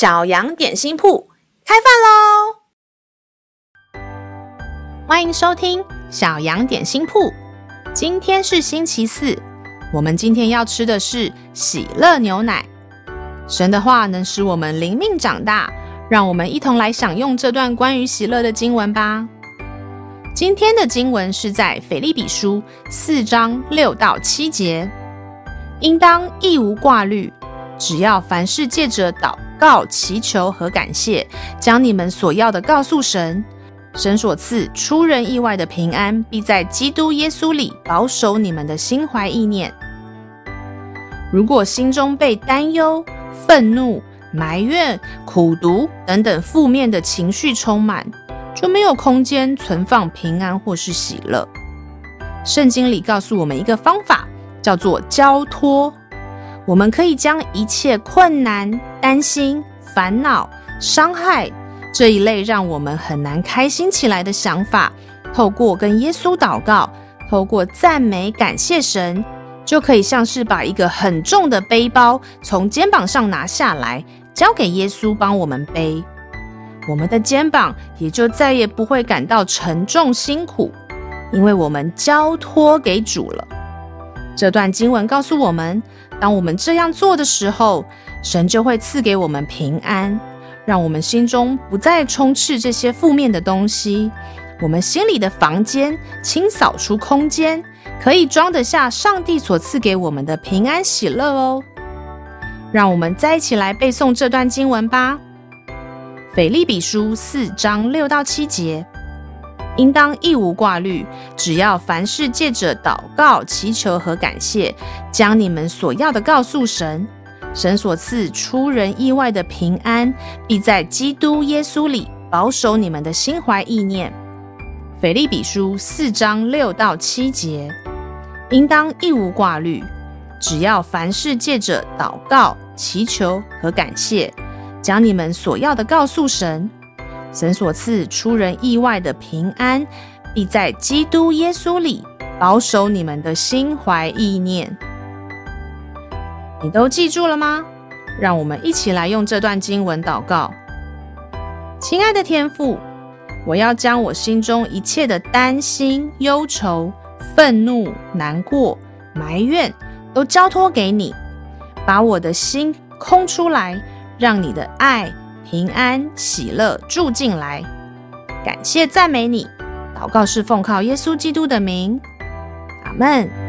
小羊點心鋪開飯嘍！歡迎收聽小羊點心鋪。今天是星期四，我們今天要吃的是喜樂牛奶。神的話能使我們靈命長大，讓我們一同來享用這段關於喜樂的經文吧。今天的經文是在腓立比書四章六到七節。應當一無掛慮，只要凡事借着禱。告、祈求和感謝，將你們所要的告訴神，神所賜出人意外的平安，必在基督耶穌裡保守你們的心懷意念。如果心中被擔憂、憤怒、埋怨、苦毒等等負面的情緒充滿，就沒有空間存放平安或是喜樂。聖經裡告訴我們一個方法，叫做交托。我們可以將一切困難、擔心、煩惱、傷害這一類讓我們很難開心起來的想法，透過跟耶穌禱告，透過讚美感謝神，就可以像是把一個很重的背包從肩膀上拿下來，交給耶穌幫我們背。我們的肩膀也就再也不會感到沉重辛苦，因為我們交托給主了。這段經文告訴我們，當我們這樣做的時候，神就會賜給我們平安，讓我們心中不再充斥這些負面的東西，我們心裡的房間清掃出空間，可以裝得下上帝所賜給我們的平安喜樂哦。讓我們再一起來背誦這段經文吧，《腓立比書》四章六到七節。應當一無掛慮，只要凡事借着禱告、祈求和感謝，將你們所要的告訴神，神所賜出人意外的平安，必在基督耶穌裡保守你們的心懷意念。腓立比書四章六到七節，應當一無掛慮，只要凡事借着禱告、祈求和感謝，將你們所要的告訴神。神所賜出人意外的平安，必在基督耶穌裡保守你們的心懷意念。你都記住了嗎？讓我們一起來用這段經文禱告。親愛的天父，我要將我心中一切的擔心、憂愁、憤怒、難過、埋怨，都交託給你，把我的心空出來，讓你的愛。平安喜樂住進來，感謝讚美你，禱告是奉靠耶穌基督的名，阿門。